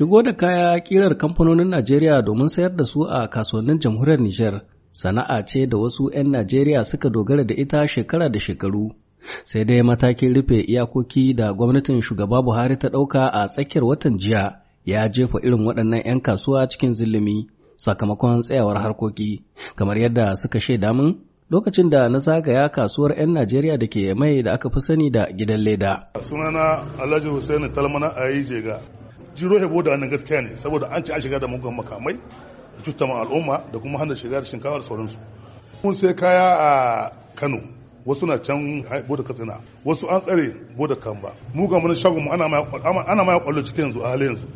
Shigo da kaya kirar kamfanonin Najeriya domin sayar da su a kasuwannin jamhuriyar Nijar sana'a ce da wasu 'yan Najeriya suka dogara da ita shekara da shekaru. Sai dai matakin rufe iyakoki da gwamnatin shugaba Buhari ta ɗauka a tsakiyar watan jiya ya jefa irin waɗannan 'yan kasuwa cikin zillimi sakamakon tsayawar harkoki, kamar yadda suka shaida min lokacin da na zagaya kasuwar 'yan Najeriya da ke mai da aka fi sani da gidan leda. Sunana Alhaji Hussaini Talmana Ayi Jega. jiro hebo da wannan gaskiya ne saboda an ci an shiga da mugun makamai da cuta al'umma da kuma hana shiga da shinkawa da sauransu mun sai kaya a kano wasu na can bude katsina wasu an tsare bude kamba mu ga mun shagon ana ma ya kwallo cikin yanzu a halin yanzu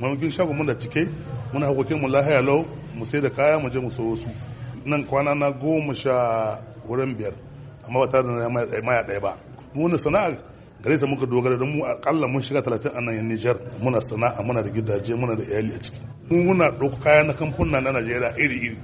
mamakin shagon mun da cike muna hakokin mu lahiya lau mu sai da kaya mu je mu sayo su nan kwana na goma sha wurin biyar amma ba tare da maya ɗaya ba mu wani sana'a gare ta muka dogara don mu akalla mun shiga talatin a nan yan Nijar muna sana'a muna da gidaje muna da iyali a ciki Mun muna ɗauko kaya na kamfuna na Najeriya iri-iri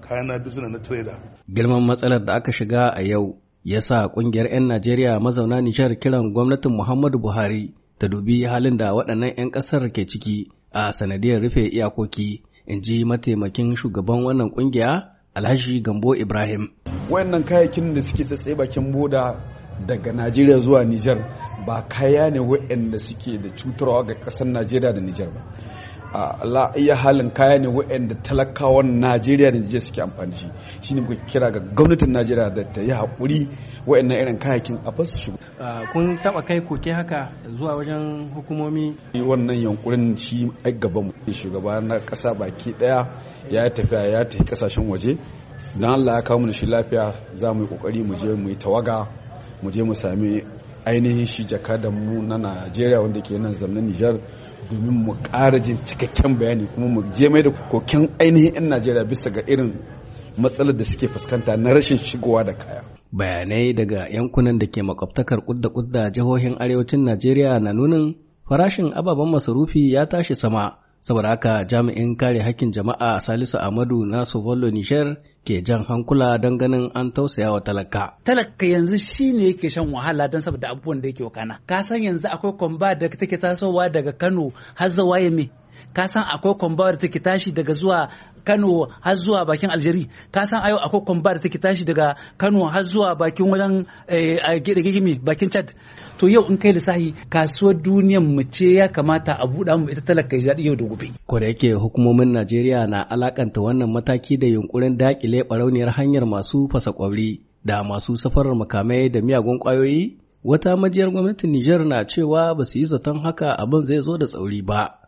kayan na bizina na trader girman matsalar da aka shiga a yau ya sa kungiyar 'yan Najeriya mazauna Nijar kiran gwamnatin Muhammadu Buhari ta dubi halin da waɗannan 'yan ƙasar ke ciki a sanadiyar rufe iyakoki in ji mataimakin shugaban wannan ƙungiya Alhaji Gambo Ibrahim. Wayannan kayayyakin da suke tsaye bakin boda daga najeriya zuwa nijar ba kaya ne waɗanda suke da cutarwa ga ƙasar najeriya da nijar ba a iya halin kaya ne waɗanda talakawan najeriya da nijar suke amfani shi ne kuka kira ga gwamnatin najeriya da ta yi haƙuri waɗannan irin kayakin a fasu kun taɓa kai koke haka zuwa wajen hukumomi wannan yankurin shi ai gaban shugaba na ƙasa baki ɗaya ya tafiya ya tafi ƙasashen waje don allah ya kawo mu da shi lafiya za mu yi ƙoƙari mu je mu yi tawaga mu je mu sami ainihin shi da mu na Najeriya wanda ke nan zamanin Nijar domin mu ƙara jin cikakken bayani kuma mu je mai da koken ainihin 'yan Najeriya bisa ga irin matsalar da suke fuskanta na rashin shigowa da kaya. Bayanai daga yankunan da ke makwabtakar kudda kudda jihohin arewacin Najeriya na nunin farashin ababen masarufi ya tashi sama saboda haka jami'in kare hakkin jama'a Salisu Ahmadu na Sovollo nijar. ke jan hankula don ganin an tausaya wa talaka. Talaka yanzu shi ne yake shan wahala don saboda abubuwan da yake wakana. Ka san yanzu akwai kwamba da take tasowa daga Kano har zawaye me ka san akwai kwamba da take tashi daga zuwa Kano har zuwa bakin Aljeri ka san ayo akwai kwamba da take tashi daga Kano har zuwa bakin wajen eh, gigimi bakin Chad to yau in kai lissahi kasuwar duniyar mu ce ya kamata a buɗa mu ita talaka ya yau da gobe ko da yake hukumomin Najeriya na alakanta wannan mataki da yunkurin dakile barauniyar hanyar masu fasa kwauri da masu safarar makamai da miyagun kwayoyi wata majiyar gwamnatin Nijar na cewa ba su yi zaton haka abin zai zo da tsauri ba.